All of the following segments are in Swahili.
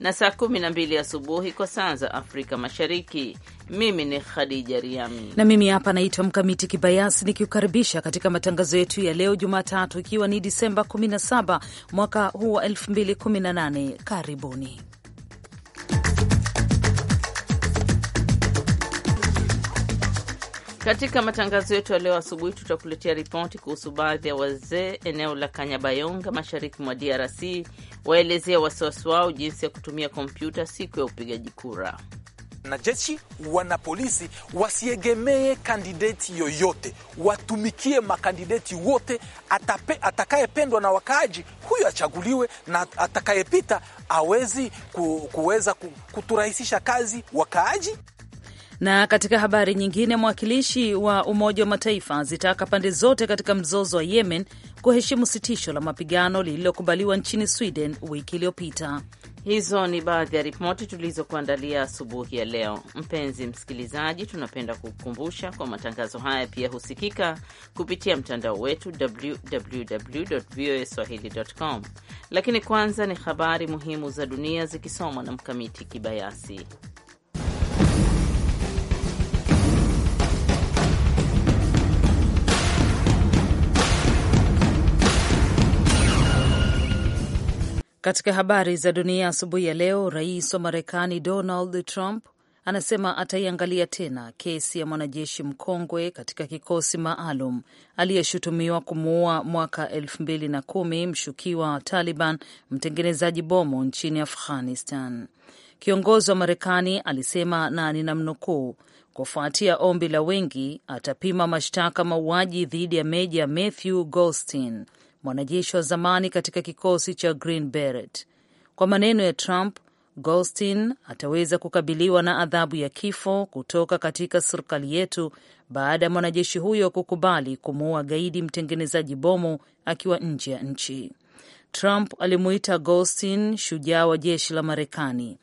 na saa 12 asubuhi kwa saa za Afrika Mashariki. Mimi ni Khadija Riami na mimi hapa naitwa Mkamiti Kibayasi nikiukaribisha katika matangazo yetu ya leo Jumatatu, ikiwa ni Disemba 17 mwaka huu wa 2018. Karibuni. Katika matangazo yetu ya leo asubuhi, tutakuletea ripoti kuhusu baadhi ya wazee eneo la Kanyabayonga, mashariki mwa DRC, waelezea wasiwasi wao jinsi ya kutumia kompyuta siku ya upigaji kura. jeshi wana polisi wasiegemee kandideti yoyote, watumikie makandideti wote. Atakayependwa na wakaaji huyo achaguliwe, na atakayepita awezi ku, kuweza kuturahisisha kazi wakaaji. Na katika habari nyingine, mwakilishi wa Umoja wa Mataifa zitaka pande zote katika mzozo wa Yemen kuheshimu sitisho la mapigano lililokubaliwa nchini Sweden wiki iliyopita. Hizo ni baadhi ya ripoti tulizokuandalia asubuhi ya leo. Mpenzi msikilizaji, tunapenda kukukumbusha kwa matangazo haya pia husikika kupitia mtandao wetu www voa swahili.com. Lakini kwanza ni habari muhimu za dunia zikisomwa na Mkamiti Kibayasi. Katika habari za dunia asubuhi ya leo, rais wa Marekani Donald Trump anasema ataiangalia tena kesi ya mwanajeshi mkongwe katika kikosi maalum aliyeshutumiwa kumuua mwaka elfu mbili na kumi mshukiwa wa Taliban mtengenezaji bomu nchini Afghanistan. Kiongozi wa Marekani alisema na ninamnukuu, kufuatia ombi la wengi atapima mashtaka mauaji dhidi ya Meja Matthew Golstein mwanajeshi wa zamani katika kikosi cha Green Beret. Kwa maneno ya Trump, Goldstein ataweza kukabiliwa na adhabu ya kifo kutoka katika serikali yetu baada ya mwanajeshi huyo kukubali kumuua gaidi mtengenezaji bomu akiwa nje ya nchi. Trump alimuita Goldstein shujaa wa jeshi la Marekani.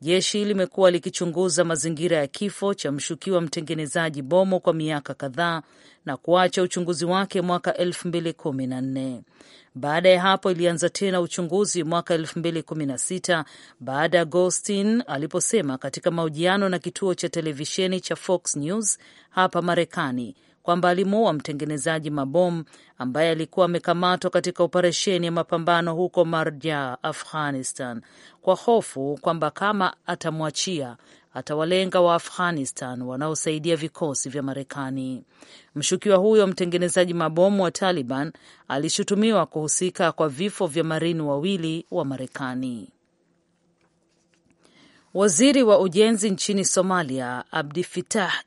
Jeshi limekuwa likichunguza mazingira ya kifo cha mshukiwa mtengenezaji bomo kwa miaka kadhaa na kuacha uchunguzi wake mwaka 2014. Baada ya hapo ilianza tena uchunguzi mwaka 2016 baada ya Goldstein aliposema katika mahojiano na kituo cha televisheni cha Fox News hapa Marekani kwamba alimuua mtengenezaji mabomu ambaye alikuwa amekamatwa katika operesheni ya mapambano huko Marja, Afghanistan, kwa hofu kwamba kama atamwachia atawalenga wa Afghanistan wanaosaidia vikosi vya Marekani. Mshukiwa huyo mtengenezaji mabomu wa Taliban alishutumiwa kuhusika kwa vifo vya marini wawili wa Marekani. Waziri wa ujenzi nchini Somalia Abdi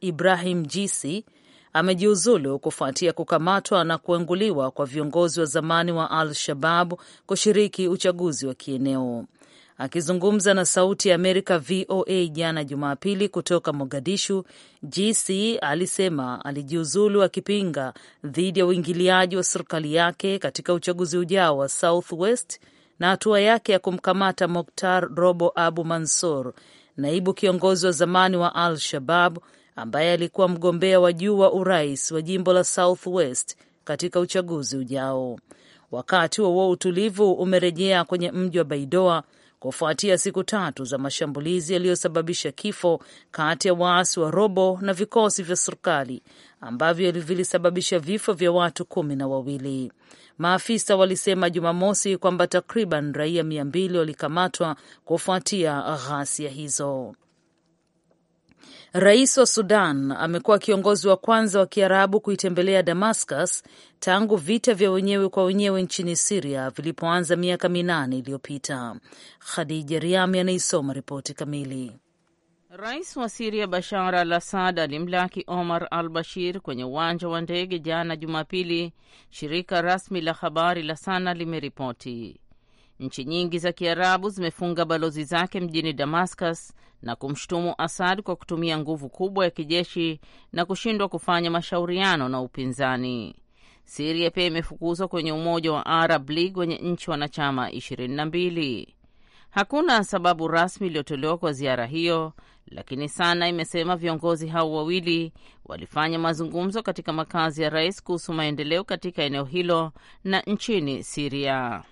Ibrahim Jisi amejiuzulu kufuatia kukamatwa na kuenguliwa kwa viongozi wa zamani wa Al-Shabab kushiriki uchaguzi wa kieneo. Akizungumza na Sauti ya Amerika VOA jana Jumapili kutoka Mogadishu, GC alisema alijiuzulu akipinga dhidi ya uingiliaji wa serikali yake katika uchaguzi ujao wa Southwest na hatua yake ya kumkamata Moktar Robo Abu Mansur, naibu kiongozi wa zamani wa Al Shabab ambaye alikuwa mgombea wa juu wa urais wa jimbo la Southwest katika uchaguzi ujao. Wakati huo utulivu umerejea kwenye mji wa Baidoa kufuatia siku tatu za mashambulizi yaliyosababisha kifo kati ya waasi wa Robo na vikosi vya serikali ambavyo vilisababisha vifo vya watu kumi na wawili. Maafisa walisema Jumamosi kwamba takriban raia mia mbili walikamatwa kufuatia ghasia hizo. Rais wa Sudan amekuwa kiongozi wa kwanza wa Kiarabu kuitembelea Damascus tangu vita vya wenyewe kwa wenyewe nchini Siria vilipoanza miaka minane iliyopita. Khadija Riami anaisoma ripoti kamili. Rais wa Siria Bashar al Assad alimlaki Omar al Bashir kwenye uwanja wa ndege jana Jumapili, shirika rasmi la habari la SANA limeripoti. Nchi nyingi za Kiarabu zimefunga balozi zake mjini Damascus na kumshutumu Asad kwa kutumia nguvu kubwa ya kijeshi na kushindwa kufanya mashauriano na upinzani. Siria pia imefukuzwa kwenye Umoja wa Arab League wenye nchi wanachama 22. Hakuna sababu rasmi iliyotolewa kwa ziara hiyo, lakini Sana imesema viongozi hao wawili walifanya mazungumzo katika makazi ya rais kuhusu maendeleo katika eneo hilo na nchini Siria.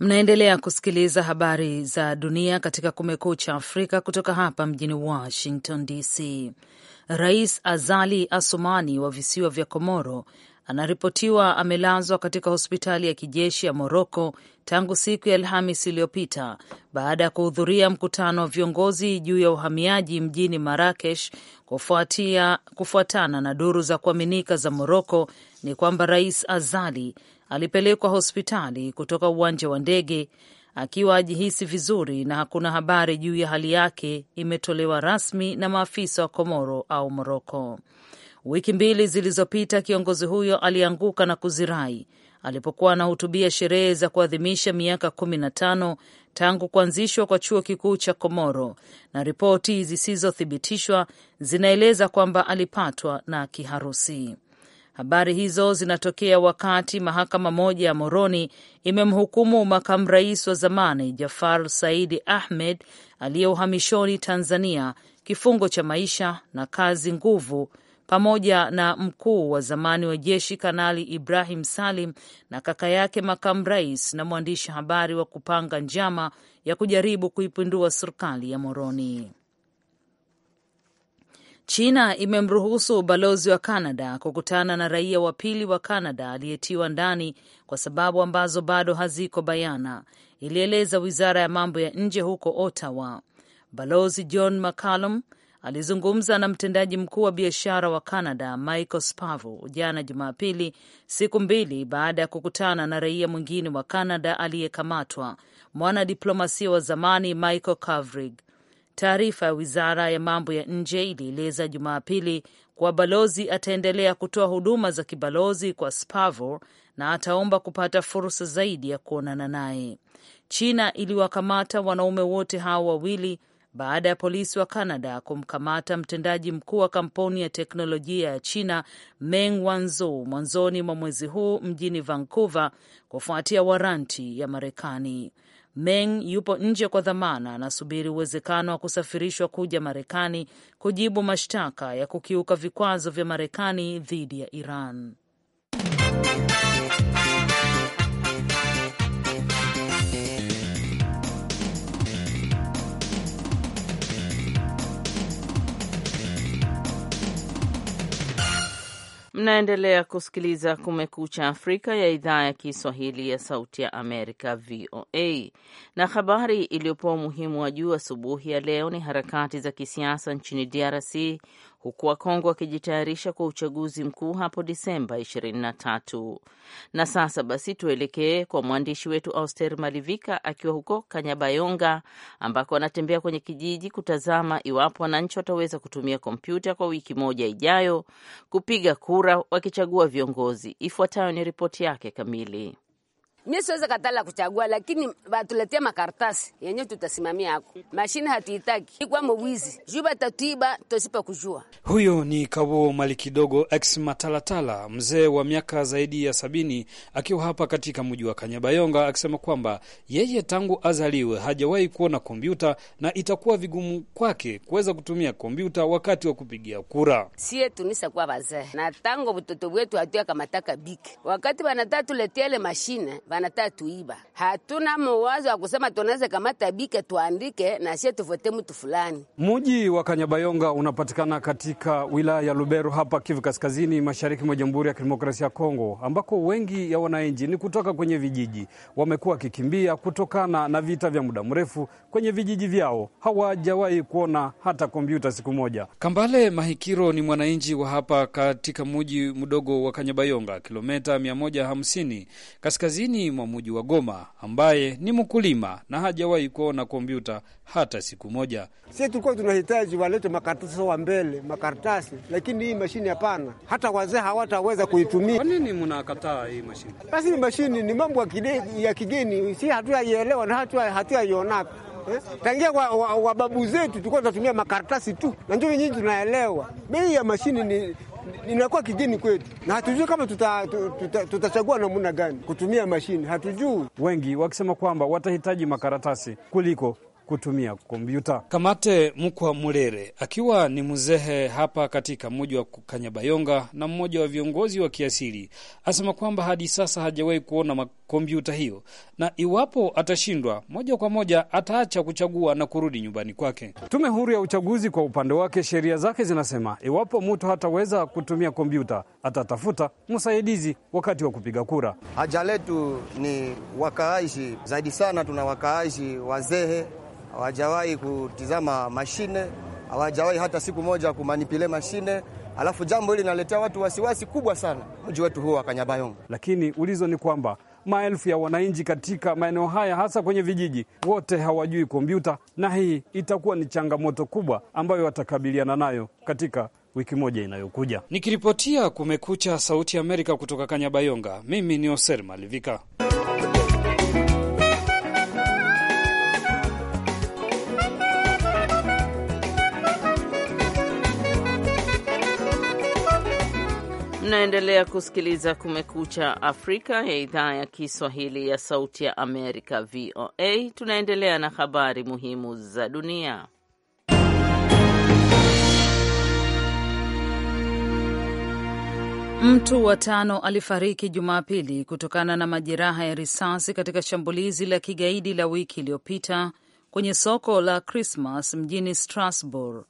Mnaendelea kusikiliza habari za dunia katika Kumekucha Afrika kutoka hapa mjini Washington DC. Rais Azali Asumani wa visiwa vya Komoro anaripotiwa amelazwa katika hospitali ya kijeshi ya Moroko tangu siku ya Alhamis iliyopita baada ya kuhudhuria mkutano wa viongozi juu ya uhamiaji mjini Marakesh. Kufuatia kufuatana na duru za kuaminika za Moroko ni kwamba Rais Azali alipelekwa hospitali kutoka uwanja wa ndege akiwa ajihisi vizuri na hakuna habari juu ya hali yake imetolewa rasmi na maafisa wa Komoro au Moroko. Wiki mbili zilizopita kiongozi huyo alianguka na kuzirai alipokuwa anahutubia sherehe za kuadhimisha miaka kumi na tano tangu kuanzishwa kwa chuo kikuu cha Komoro, na ripoti zisizothibitishwa zinaeleza kwamba alipatwa na kiharusi. Habari hizo zinatokea wakati mahakama moja ya Moroni imemhukumu makamu rais wa zamani Jafar Saidi Ahmed aliye uhamishoni Tanzania kifungo cha maisha na kazi nguvu pamoja na mkuu wa zamani wa jeshi Kanali Ibrahim Salim na kaka yake makamu rais na mwandishi habari wa kupanga njama ya kujaribu kuipindua serikali ya Moroni. China imemruhusu balozi wa canada kukutana na raia wa pili wa canada aliyetiwa ndani kwa sababu ambazo bado haziko bayana, ilieleza wizara ya mambo ya nje huko Ottawa. Balozi John McCallum alizungumza na mtendaji mkuu wa biashara wa Canada Michael spavo jana Jumapili, siku mbili baada ya kukutana na raia mwingine wa Canada aliyekamatwa, mwanadiplomasia wa zamani Michael Kovrig. Taarifa ya wizara ya mambo ya nje ilieleza Jumapili kuwa balozi ataendelea kutoa huduma za kibalozi kwa Spavor na ataomba kupata fursa zaidi ya kuonana naye. China iliwakamata wanaume wote hao wawili baada ya polisi wa Canada kumkamata mtendaji mkuu wa kampuni ya teknolojia ya China Meng Wanzhou mwanzoni mwa mwezi huu mjini Vancouver kufuatia waranti ya Marekani. Meng yupo nje kwa dhamana, anasubiri uwezekano wa kusafirishwa kuja Marekani kujibu mashtaka ya kukiuka vikwazo vya Marekani dhidi ya Iran. Mnaendelea kusikiliza Kumekucha Afrika ya idhaa ya Kiswahili ya Sauti ya Amerika, VOA. Na habari iliyopewa umuhimu wa juu asubuhi ya leo ni harakati za kisiasa nchini DRC huku Wakongo wakijitayarisha kwa uchaguzi mkuu hapo Disemba 23. Na sasa basi tuelekee kwa mwandishi wetu Auster Malivika akiwa huko Kanyabayonga ambako anatembea kwenye kijiji kutazama iwapo wananchi wataweza kutumia kompyuta kwa wiki moja ijayo kupiga kura wakichagua viongozi. Ifuatayo ni ripoti yake kamili. Mimi siweza katala kuchagua, lakini watuletea makaratasi yenye tutasimamia hako. Mashine hatuitaki kwa mwizi juba tatiba tosipa kujua. Huyo ni Kabo Malikidogo ex Matalatala, mzee wa miaka zaidi ya sabini, akiwa hapa katika mji wa Kanyabayonga, akisema kwamba yeye tangu azaliwe hajawahi kuona kompyuta na itakuwa vigumu kwake kuweza kutumia kompyuta wakati wa kupigia kura. Sie tunisa kwa wazee na tangu butoto bwetu hatuya kamataka bike wakati wanatatuletea ile mashine tuiba. Hatuna mawazo ya kusema tunaweza kamata bike tuandike na sie tuvote mtu fulani. Muji wa Kanyabayonga unapatikana katika wilaya ya Lubero hapa Kivu Kaskazini, mashariki mwa Jamhuri ya Kidemokrasia ya Kongo, ambako wengi ya wananchi ni kutoka kwenye vijiji wamekuwa wakikimbia kutokana na vita vya muda mrefu kwenye vijiji vyao. Hawajawahi kuona hata kompyuta siku moja. Kambale Mahikiro ni mwananchi wa hapa katika muji mdogo wa Kanyabayonga, kilometa 150 kaskazini kusini mwa mji wa Goma, ambaye ni mkulima na hajawahi kuona kompyuta hata siku moja. Sisi tulikuwa tunahitaji walete makaratasi wa mbele, makaratasi, lakini hii mashini hapana, hata wazee hawataweza kuitumia. Kwa nini mnakataa hii mashini? Basi hii mashini ni mambo ya kigeni, si hatuyaielewa na hatuyaionaka Eh? Tangia wa, wa, wa zetu tulikuwa tunatumia makaratasi tu, na ndio nyinyi tunaelewa. Bei ya mashini ni inakuwa kigeni kwetu, na hatujui kama tutachagua tuta, tuta, namna gani kutumia mashine, hatujui. Wengi wakisema kwamba watahitaji makaratasi kuliko kutumia kompyuta. Kamate Mkwa Murere akiwa ni mzehe hapa katika mji wa Kanyabayonga na mmoja wa viongozi wa kiasili asema kwamba hadi sasa hajawahi kuona kompyuta hiyo, na iwapo atashindwa moja kwa moja ataacha kuchagua na kurudi nyumbani kwake. Tume huru ya uchaguzi kwa upande wake, sheria zake zinasema iwapo mtu hataweza kutumia kompyuta atatafuta msaidizi wakati wa kupiga kura. Haja letu ni wakaaji zaidi sana, tuna wakaaishi wazehe hawajawahi kutizama mashine, hawajawahi hata siku moja kumanipile mashine, alafu jambo hili linaletea watu wasiwasi kubwa sana mji wetu huo wa Kanyabayonga. Lakini ulizo ni kwamba maelfu ya wananchi katika maeneo haya hasa kwenye vijiji wote hawajui kompyuta, na hii itakuwa ni changamoto kubwa ambayo watakabiliana nayo katika wiki moja inayokuja. Nikiripotia Kumekucha Sauti ya Amerika kutoka Kanyabayonga, mimi ni Oser Malivika. Mnaendelea kusikiliza Kumekucha Afrika ya idhaa ya Kiswahili ya Sauti ya Amerika, VOA. Tunaendelea na habari muhimu za dunia. Mtu wa tano alifariki Jumapili kutokana na majeraha ya risasi katika shambulizi la kigaidi la wiki iliyopita kwenye soko la Krismas mjini Strasbourg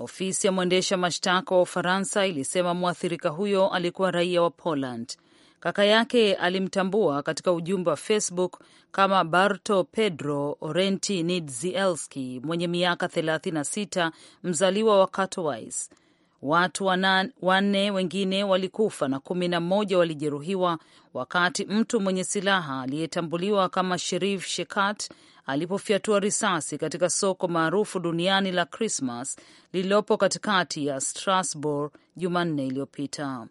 Ofisi ya mwendesha mashtaka wa Ufaransa ilisema mwathirika huyo alikuwa raia wa Poland. Kaka yake alimtambua katika ujumbe wa Facebook kama Barto Pedro Orenti nidzielski mwenye miaka 36, mzaliwa wa Katowice. Watu wanne wengine walikufa na kumi na mmoja walijeruhiwa wakati mtu mwenye silaha aliyetambuliwa kama Sherif Shekat alipofyatua risasi katika soko maarufu duniani la Krismas lililopo katikati ya Strasbourg Jumanne iliyopita.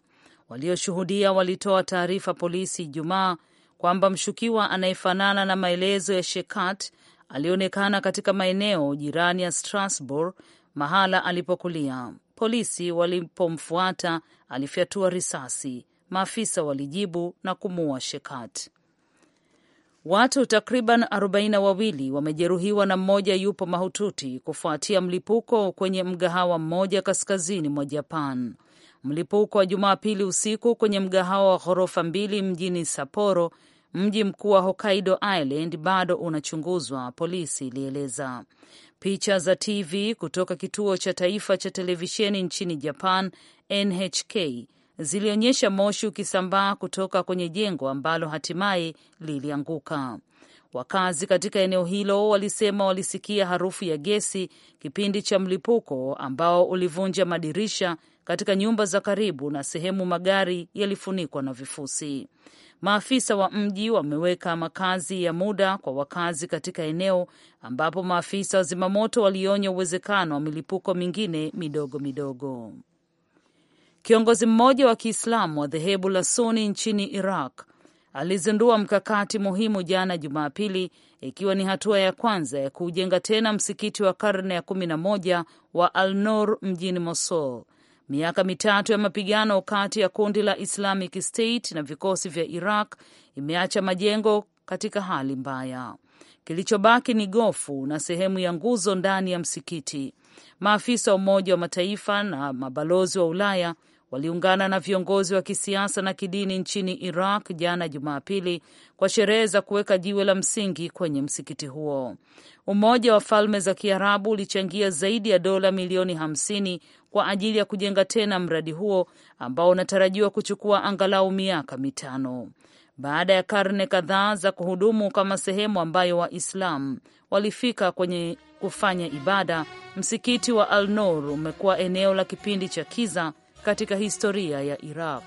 Walioshuhudia walitoa taarifa polisi Ijumaa kwamba mshukiwa anayefanana na maelezo ya Shekat alionekana katika maeneo jirani ya Strasbourg, mahala alipokulia. Polisi walipomfuata alifyatua risasi, maafisa walijibu na kumuua Shekat. Watu takriban arobaini wawili wamejeruhiwa na mmoja yupo mahututi kufuatia mlipuko kwenye mgahawa mmoja kaskazini mwa Japan. Mlipuko wa Jumapili usiku kwenye mgahawa wa ghorofa mbili mjini Sapporo, mji mkuu wa Hokkaido Island, bado unachunguzwa, polisi ilieleza. Picha za TV kutoka kituo cha taifa cha televisheni nchini Japan, NHK, zilionyesha moshi ukisambaa kutoka kwenye jengo ambalo hatimaye lilianguka. Wakazi katika eneo hilo walisema walisikia harufu ya gesi kipindi cha mlipuko ambao ulivunja madirisha katika nyumba za karibu na sehemu magari yalifunikwa na vifusi. Maafisa wa mji wameweka makazi ya muda kwa wakazi katika eneo ambapo maafisa wa zimamoto walionya uwezekano wa milipuko mingine midogo midogo. Kiongozi mmoja wa Kiislamu wa dhehebu la Suni nchini Iraq alizindua mkakati muhimu jana Jumapili, ikiwa ni hatua ya kwanza ya kuujenga tena msikiti wa karne ya kumi na moja wa Al Nur mjini Mosul. Miaka mitatu ya mapigano kati ya kundi la Islamic State na vikosi vya Iraq imeacha majengo katika hali mbaya. Kilichobaki ni gofu na sehemu ya nguzo ndani ya msikiti. Maafisa wa Umoja wa Mataifa na mabalozi wa Ulaya waliungana na viongozi wa kisiasa na kidini nchini Iraq jana Jumapili kwa sherehe za kuweka jiwe la msingi kwenye msikiti huo. Umoja wa Falme za Kiarabu ulichangia zaidi ya dola milioni hamsini kwa ajili ya kujenga tena mradi huo ambao unatarajiwa kuchukua angalau miaka mitano baada ya karne kadhaa za kuhudumu kama sehemu ambayo waislam walifika kwenye kufanya ibada. Msikiti wa Al Nur umekuwa eneo la kipindi cha kiza katika historia ya Iraq.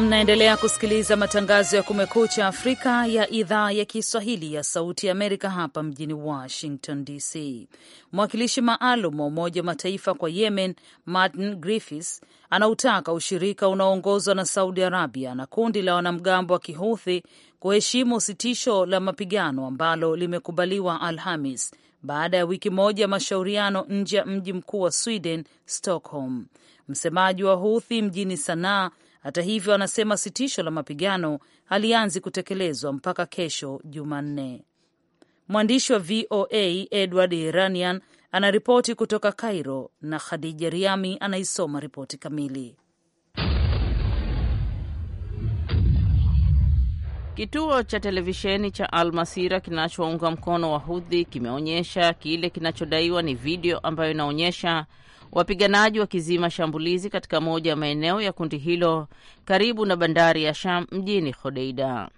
Mnaendelea kusikiliza matangazo ya Kumekucha Afrika ya idhaa ya Kiswahili ya Sauti ya Amerika hapa mjini Washington DC. Mwakilishi maalum wa Umoja wa Mataifa kwa Yemen, Martin Griffiths, anautaka ushirika unaoongozwa na Saudi Arabia na kundi la wanamgambo wa Kihuthi kuheshimu sitisho la mapigano ambalo limekubaliwa Alhamis baada ya wiki moja mashauriano nje ya mji mkuu wa Sweden, Stockholm. Msemaji wa Huthi mjini Sanaa hata hivyo, anasema sitisho la mapigano halianzi kutekelezwa mpaka kesho Jumanne. Mwandishi wa VOA Edward Iranian anaripoti kutoka Cairo na Khadija Riami anaisoma ripoti kamili. Kituo cha televisheni cha Al Masira kinachounga mkono wa Hudhi kimeonyesha kile kinachodaiwa ni video ambayo inaonyesha wapiganaji wakizima shambulizi katika moja ya maeneo ya kundi hilo karibu na bandari ya Sham mjini Hodeida.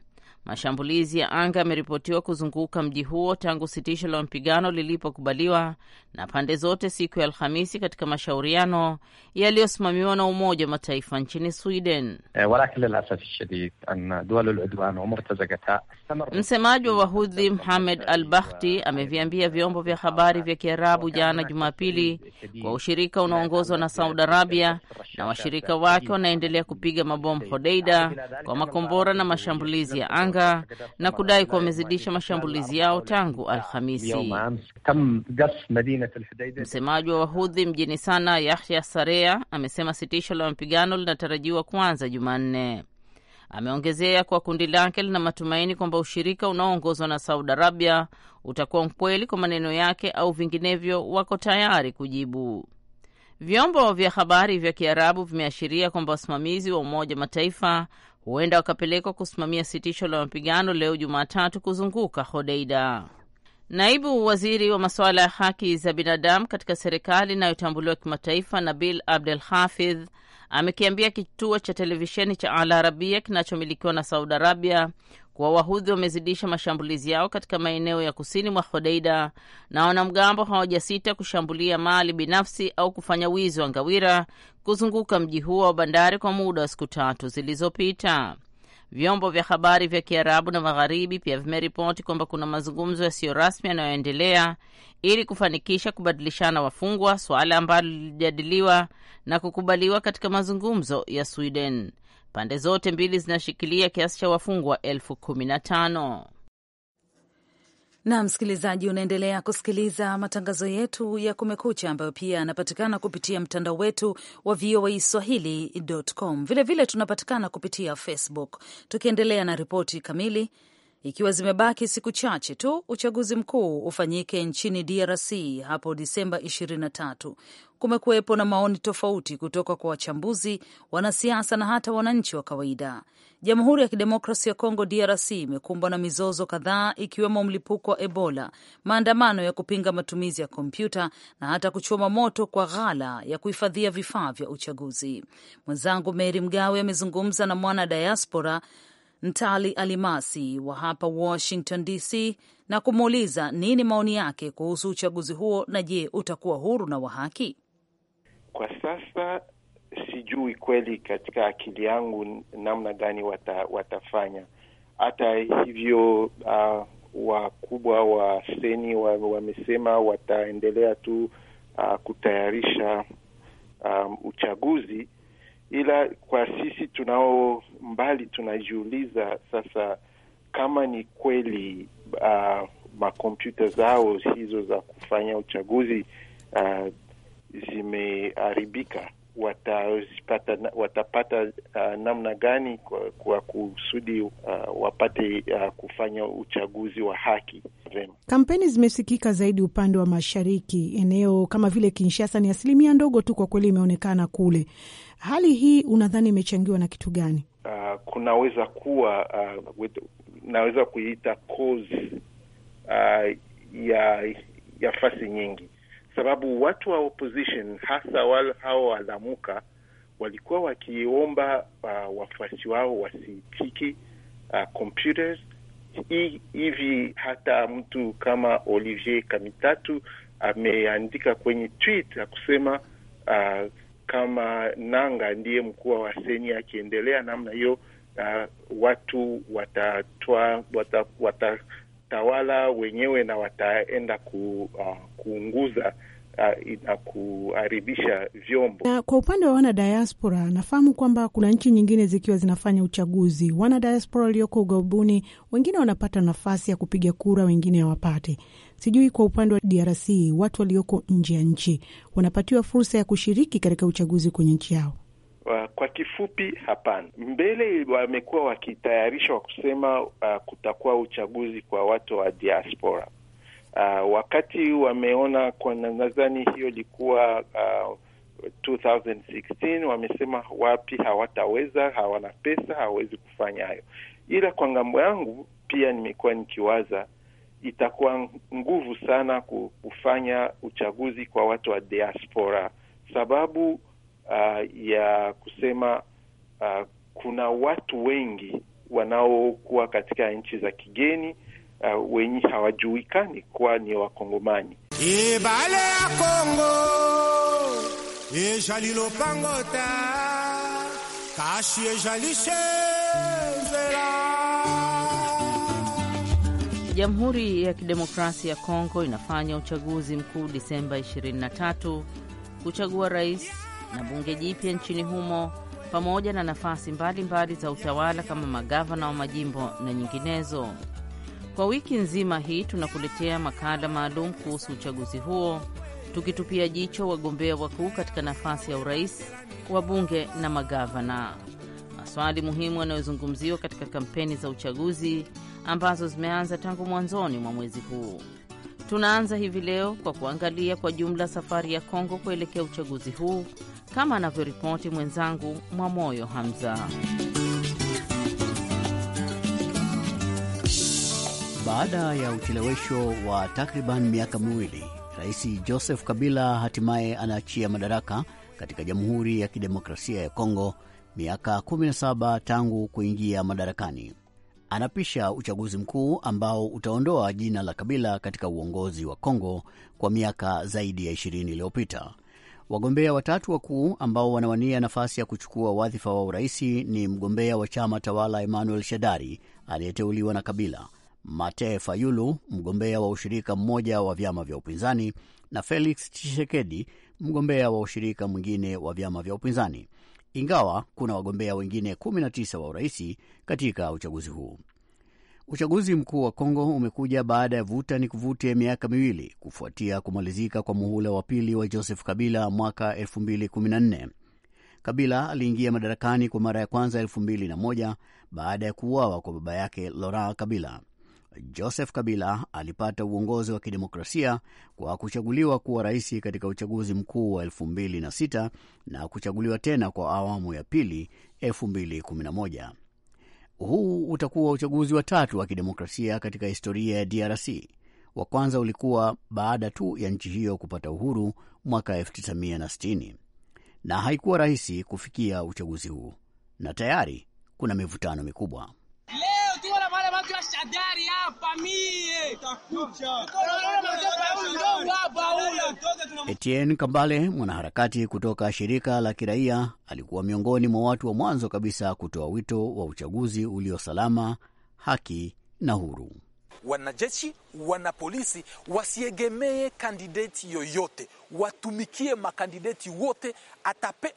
Mashambulizi ya anga yameripotiwa kuzunguka mji huo tangu sitisho la mapigano lilipokubaliwa na pande zote siku ya Alhamisi katika mashauriano yaliyosimamiwa na Umoja wa Mataifa nchini Sweden. Eh, Msemaji wa Wahudhi Muhamed Al Bahti ameviambia vyombo vya habari vya Kiarabu jana Jumapili kwa ushirika unaoongozwa na Saudi Arabia na washirika wake wanaendelea kupiga mabomu Hodeida kwa makombora na mashambulizi ya anga anga na kudai kuwa wamezidisha mashambulizi yao tangu Alhamisi. Msemaji wa wahudhi mjini Sana, Yahya Sarea, amesema sitisho la mapigano linatarajiwa kuanza Jumanne. Ameongezea kuwa kundi lake lina matumaini kwamba ushirika unaoongozwa na Saudi Arabia utakuwa mkweli kwa maneno yake au vinginevyo wako tayari kujibu. Vyombo vya habari vya Kiarabu vimeashiria kwamba wasimamizi wa Umoja Mataifa huenda wakapelekwa kusimamia sitisho la mapigano leo Jumatatu kuzunguka Hodeida. Naibu waziri wa masuala ya haki za binadamu katika serikali inayotambuliwa kimataifa Nabil Abdel Hafidh amekiambia kituo cha televisheni cha Al Arabia kinachomilikiwa na Saudi Arabia kuwa wahudhi wamezidisha mashambulizi yao katika maeneo ya kusini mwa Hodeida na wanamgambo hawajasita kushambulia mali binafsi au kufanya wizi wa ngawira kuzunguka mji huo wa bandari kwa muda wa siku tatu zilizopita. Vyombo vya habari vya Kiarabu na Magharibi pia vimeripoti kwamba kuna mazungumzo yasiyo rasmi yanayoendelea ili kufanikisha kubadilishana wafungwa, suala ambalo lilijadiliwa na kukubaliwa katika mazungumzo ya Sweden. Pande zote mbili zinashikilia kiasi cha wafungwa elfu kumi na tano. Na msikilizaji, unaendelea kusikiliza matangazo yetu ya Kumekucha ambayo pia yanapatikana kupitia mtandao wetu wa VOA Swahili.com. Vilevile tunapatikana kupitia Facebook. Tukiendelea na ripoti kamili ikiwa zimebaki siku chache tu uchaguzi mkuu ufanyike nchini DRC hapo Disemba 23. Kumekuwepo na maoni tofauti kutoka kwa wachambuzi, wanasiasa na hata wananchi wa kawaida. Jamhuri ya Kidemokrasi ya Kongo DRC imekumbwa na mizozo kadhaa, ikiwemo mlipuko wa Ebola, maandamano ya kupinga matumizi ya kompyuta na hata kuchoma moto kwa ghala ya kuhifadhia vifaa vya uchaguzi. Mwenzangu Meri Mgawe amezungumza na mwana diaspora Mtali Alimasi wa hapa Washington DC na kumuuliza nini maoni yake kuhusu uchaguzi huo na je, utakuwa huru na wa haki? Kwa sasa sijui kweli katika akili yangu namna gani wata, watafanya. Hata hivyo uh, wakubwa wa seni wamesema wataendelea tu uh, kutayarisha um, uchaguzi ila kwa sisi tunao mbali tunajiuliza sasa kama ni kweli uh, makompyuta zao hizo za kufanya uchaguzi uh, zimeharibika watazipata, watapata uh, namna gani kwa, kwa kusudi uh, wapate uh, kufanya uchaguzi wa haki. Vema, kampeni zimesikika zaidi upande wa mashariki, eneo kama vile Kinshasa ni asilimia ndogo tu kwa kweli imeonekana kule. Hali hii unadhani imechangiwa na kitu gani? Uh, kunaweza kuwa uh, with, naweza kuiita cause uh, ya ya fasi nyingi sababu watu wa opposition hasa wale hao wadhamuka walikuwa wakiomba uh, wafuasi wao wasitiki uh, computers hivi hata mtu kama Olivier Kamitatu ameandika kwenye tweet ya kusema uh, kama Nanga ndiye mkuu wa seni akiendelea namna hiyo, uh, watu watatoa wata, wata, watawala wenyewe na wataenda ku, uh, kuunguza uh, na kuharibisha vyombo. Na kwa upande wa wana nafahamu kwamba kuna nchi nyingine zikiwa zinafanya uchaguzi, wana walioko ughaibuni wengine wanapata nafasi ya kupiga kura, wengine hawapate Sijui kwa upande wa DRC watu walioko nje ya nchi wanapatiwa fursa ya kushiriki katika uchaguzi kwenye nchi yao? Kwa kifupi, hapana. Mbele wamekuwa wakitayarishwa kusema uh, kutakuwa uchaguzi kwa watu wa diaspora uh, wakati wameona, kwa nadhani hiyo ilikuwa uh, 2016 wamesema wapi hawataweza, hawana pesa, hawawezi kufanya hayo. Ila kwa ngambo yangu pia nimekuwa nikiwaza itakuwa nguvu sana kufanya uchaguzi kwa watu wa diaspora, sababu uh, ya kusema uh, kuna watu wengi wanaokuwa katika nchi za kigeni uh, wenye hawajuikani kuwa ni Wakongomani. Ibale ya Kongo kashi Jamhuri ya Kidemokrasia ya Kongo inafanya uchaguzi mkuu Disemba 23 kuchagua rais na bunge jipya nchini humo pamoja na nafasi mbalimbali za utawala kama magavana wa majimbo na nyinginezo. Kwa wiki nzima hii tunakuletea makala maalum kuhusu uchaguzi huo tukitupia jicho wagombea wakuu katika nafasi ya urais, wabunge na magavana, maswali muhimu yanayozungumziwa katika kampeni za uchaguzi ambazo zimeanza tangu mwanzoni mwa mwezi huu. Tunaanza hivi leo kwa kuangalia kwa jumla safari ya Kongo kuelekea uchaguzi huu kama anavyoripoti mwenzangu Mwamoyo Hamza. Baada ya uchelewesho wa takriban miaka miwili, Rais Joseph Kabila hatimaye anaachia madaraka katika Jamhuri ya Kidemokrasia ya Kongo, miaka 17 tangu kuingia madarakani. Anapisha uchaguzi mkuu ambao utaondoa jina la Kabila katika uongozi wa Kongo kwa miaka zaidi ya 20 iliyopita. Wagombea watatu wakuu ambao wanawania nafasi ya kuchukua wadhifa wa uraisi ni mgombea wa chama tawala Emmanuel Shadari aliyeteuliwa na Kabila, Mate Fayulu, mgombea wa ushirika mmoja wa vyama vya upinzani, na Felix Tshisekedi, mgombea wa ushirika mwingine wa vyama vya upinzani, ingawa kuna wagombea wengine 19 wa uraisi katika uchaguzi huu. Uchaguzi mkuu wa Kongo umekuja baada ya vuta ni kuvute ya miaka miwili kufuatia kumalizika kwa muhula wa pili wa Joseph Kabila mwaka 2014. Kabila aliingia madarakani kwa mara ya kwanza 2001 baada ya kuuawa kwa baba yake Laurent Kabila. Joseph Kabila alipata uongozi wa kidemokrasia kwa kuchaguliwa kuwa rais katika uchaguzi mkuu wa 2006 na kuchaguliwa tena kwa awamu ya pili 2011. Huu utakuwa uchaguzi wa tatu wa kidemokrasia katika historia ya DRC. Wa kwanza ulikuwa baada tu ya nchi hiyo kupata uhuru mwaka 1960 na haikuwa rahisi kufikia uchaguzi huu, na tayari kuna mivutano mikubwa tahadhari hapa mie. Etienne Kambale, mwanaharakati kutoka shirika la kiraia, alikuwa miongoni mwa watu wa mwanzo kabisa kutoa wito wa uchaguzi ulio salama, haki na huru. Wanajeshi, wanapolisi wasiegemee kandideti yoyote, watumikie makandideti wote.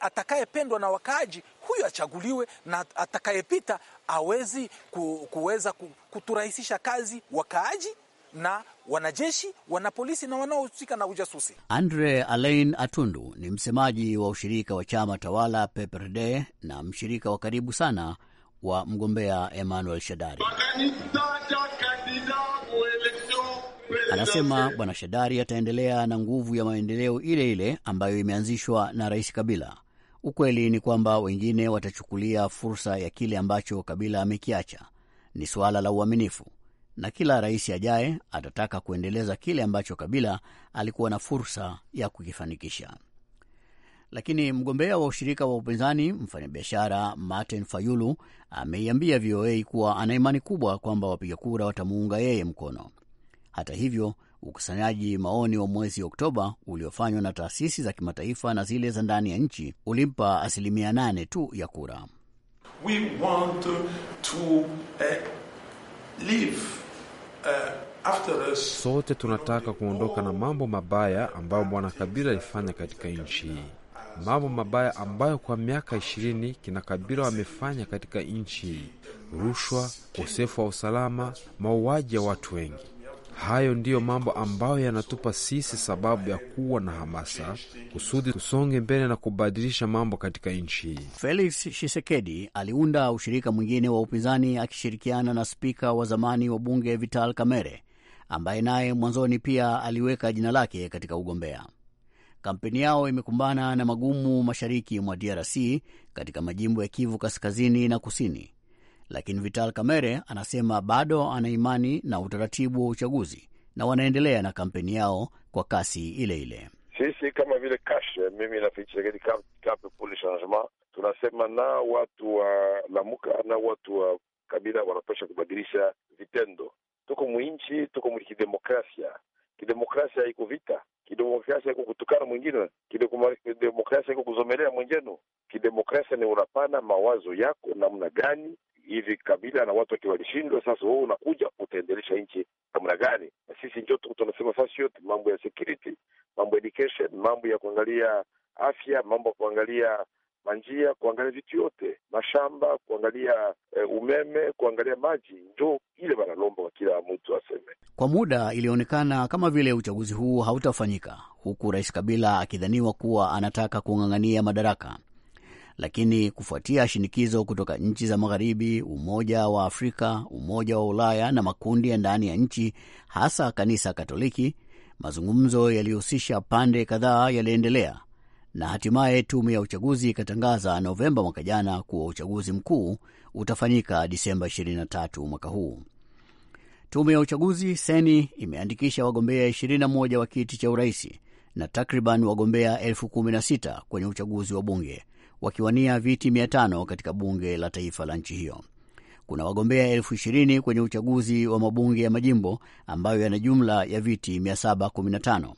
Atakayependwa na wakaaji huyo achaguliwe, na atakayepita awezi ku, kuweza kuturahisisha kazi wakaaji na wanajeshi wanapolisi na wanaohusika na ujasusi. Andre Alain Atundu ni msemaji wa ushirika wa chama tawala PPRD na mshirika wa karibu sana wa mgombea Emmanuel Shadari. Anasema Bwana Shadari ataendelea na nguvu ya maendeleo ile ile ambayo imeanzishwa na Rais Kabila Ukweli ni kwamba wengine watachukulia fursa ya kile ambacho Kabila amekiacha. Ni suala la uaminifu, na kila rais ajaye atataka kuendeleza kile ambacho Kabila alikuwa na fursa ya kukifanikisha. Lakini mgombea wa ushirika wa upinzani mfanyabiashara Martin Fayulu ameiambia VOA kuwa ana imani kubwa kwamba wapiga kura watamuunga yeye mkono. Hata hivyo, Ukusanyaji maoni wa mwezi Oktoba uliofanywa na taasisi za kimataifa na zile za ndani ya nchi ulimpa asilimia nane tu ya kura. We want to, uh, uh... Sote tunataka kuondoka na mambo mabaya ambayo bwana Kabila alifanya katika nchi hii, mambo mabaya ambayo kwa miaka ishirini kina Kabila wamefanya katika nchi hii: rushwa, ukosefu wa usalama, mauaji ya watu wengi. Hayo ndiyo mambo ambayo yanatupa sisi sababu ya kuwa na hamasa kusudi tusonge mbele na kubadilisha mambo katika nchi hii. Felix Shisekedi aliunda ushirika mwingine wa upinzani akishirikiana na spika wa zamani wa bunge Vital Kamerhe ambaye naye mwanzoni pia aliweka jina lake katika ugombea. Kampeni yao imekumbana na magumu mashariki mwa DRC katika majimbo ya Kivu kaskazini na kusini lakini Vital Kamerhe anasema bado ana imani na utaratibu wa uchaguzi na wanaendelea na kampeni yao kwa kasi ile ile. Sisi kama vile kash mimi nafichekedi changement, tunasema na watu wa Lamuka na watu wa Kabila wanapasha kubadilisha vitendo. Tuko mwinchi, tuko mwi Kidemokrasia kidemokrasia haiko vita, kidemokrasia haiko kutukana mwingine, kidemokrasia haiko kuzomelea mwenjenu Kidemokrasia ni unapana mawazo yako namna gani hivi kabila na watu wakiwa walishindwa, sasa wewe unakuja utaendelesha nchi namna gani? Na sisi njo tunasema fasi yote, mambo ya security, mambo ya education, mambo ya kuangalia afya, mambo ya kuangalia manjia, kuangalia vitu yote, mashamba, kuangalia e, umeme, kuangalia maji, njo ile wanalomba kwa kila mtu aseme. Kwa muda ilionekana kama vile uchaguzi huu hautafanyika, huku Rais Kabila akidhaniwa kuwa anataka kung'ang'ania madaraka lakini kufuatia shinikizo kutoka nchi za Magharibi, Umoja wa Afrika, Umoja wa Ulaya na makundi ya ndani ya nchi, hasa Kanisa Katoliki, mazungumzo yaliyohusisha pande kadhaa yaliendelea na hatimaye tume ya uchaguzi ikatangaza Novemba mwaka jana kuwa uchaguzi mkuu utafanyika Disemba 23 mwaka huu. Tume ya uchaguzi seni imeandikisha wagombea 21 wa kiti cha uraisi na takriban wagombea elfu 16 kwenye uchaguzi wa bunge wakiwania viti 500 katika bunge la taifa la nchi hiyo. Kuna wagombea elfu ishirini kwenye uchaguzi wa mabunge ya majimbo ambayo yana jumla ya viti 715.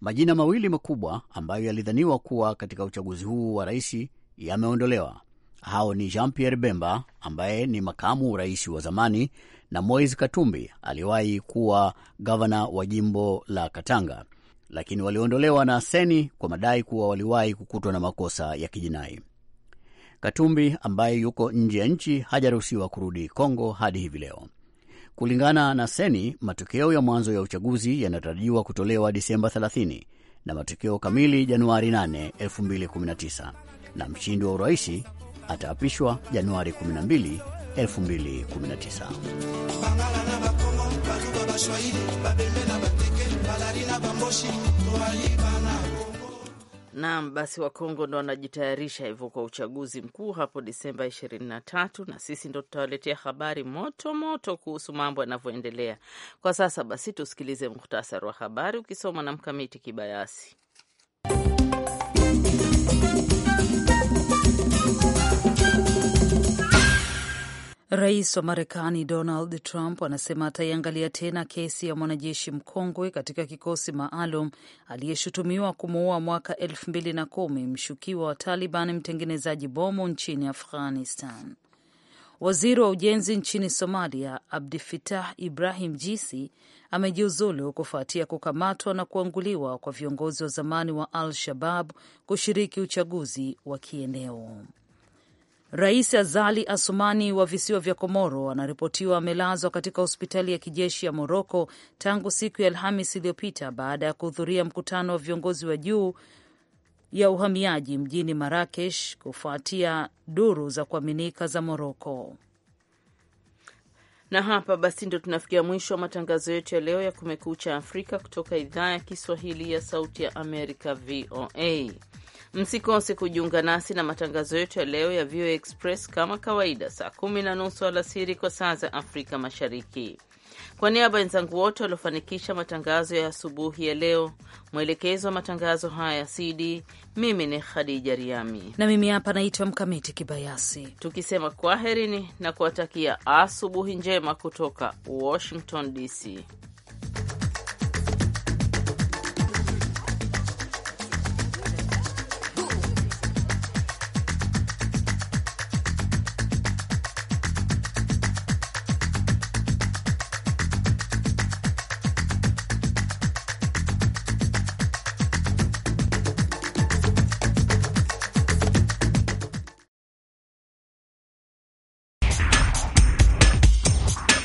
Majina mawili makubwa ambayo yalidhaniwa kuwa katika uchaguzi huu wa rais yameondolewa. Hao ni Jean Pierre Bemba ambaye ni makamu rais wa zamani na Moise Katumbi aliyewahi kuwa gavana wa jimbo la Katanga lakini waliondolewa na Seni kwa madai kuwa waliwahi kukutwa na makosa ya kijinai. Katumbi ambaye yuko nje ya nchi hajaruhusiwa kurudi Kongo hadi hivi leo. Kulingana na Seni, matokeo ya mwanzo ya uchaguzi yanatarajiwa kutolewa Disemba 30 na matokeo kamili Januari 8, 2019 na mshindi wa uraisi ataapishwa Januari 12, 2019. Naam, basi Wakongo ndo wanajitayarisha hivyo kwa uchaguzi mkuu hapo Disemba 23 na sisi ndo tutawaletea habari moto moto kuhusu mambo yanavyoendelea kwa sasa. Basi tusikilize muhtasari wa habari ukisoma na Mkamiti Kibayasi. Rais wa Marekani Donald Trump anasema ataiangalia tena kesi ya mwanajeshi mkongwe katika kikosi maalum aliyeshutumiwa kumuua mwaka elfu mbili na kumi mshukiwa wa Taliban mtengenezaji bomu nchini Afghanistan. Waziri wa ujenzi nchini Somalia Abdifitah Ibrahim Jisi amejiuzulu kufuatia kukamatwa na kuanguliwa kwa viongozi wa zamani wa Al Shabab kushiriki uchaguzi wa kieneo. Rais Azali Asumani wa visiwa vya Komoro anaripotiwa amelazwa katika hospitali ya kijeshi ya Moroko tangu siku ya Alhamis iliyopita baada ya kuhudhuria mkutano wa viongozi wa juu ya uhamiaji mjini Marakesh kufuatia duru za kuaminika za Moroko. Na hapa basi ndo tunafikia mwisho wa matangazo yetu ya leo ya Kumekucha Afrika kutoka idhaa ya Kiswahili ya Sauti ya Amerika, VOA. Msikose kujiunga nasi na matangazo yetu ya leo ya VOA Express kama kawaida, saa kumi na nusu alasiri kwa saa za Afrika Mashariki. Kwa niaba ya wenzangu wote waliofanikisha matangazo ya asubuhi ya leo, mwelekezo wa matangazo haya CD, mimi ni Khadija Riami na mimi hapa naitwa Mkamiti Kibayasi, tukisema kwaherini na kuwatakia asubuhi njema kutoka Washington DC.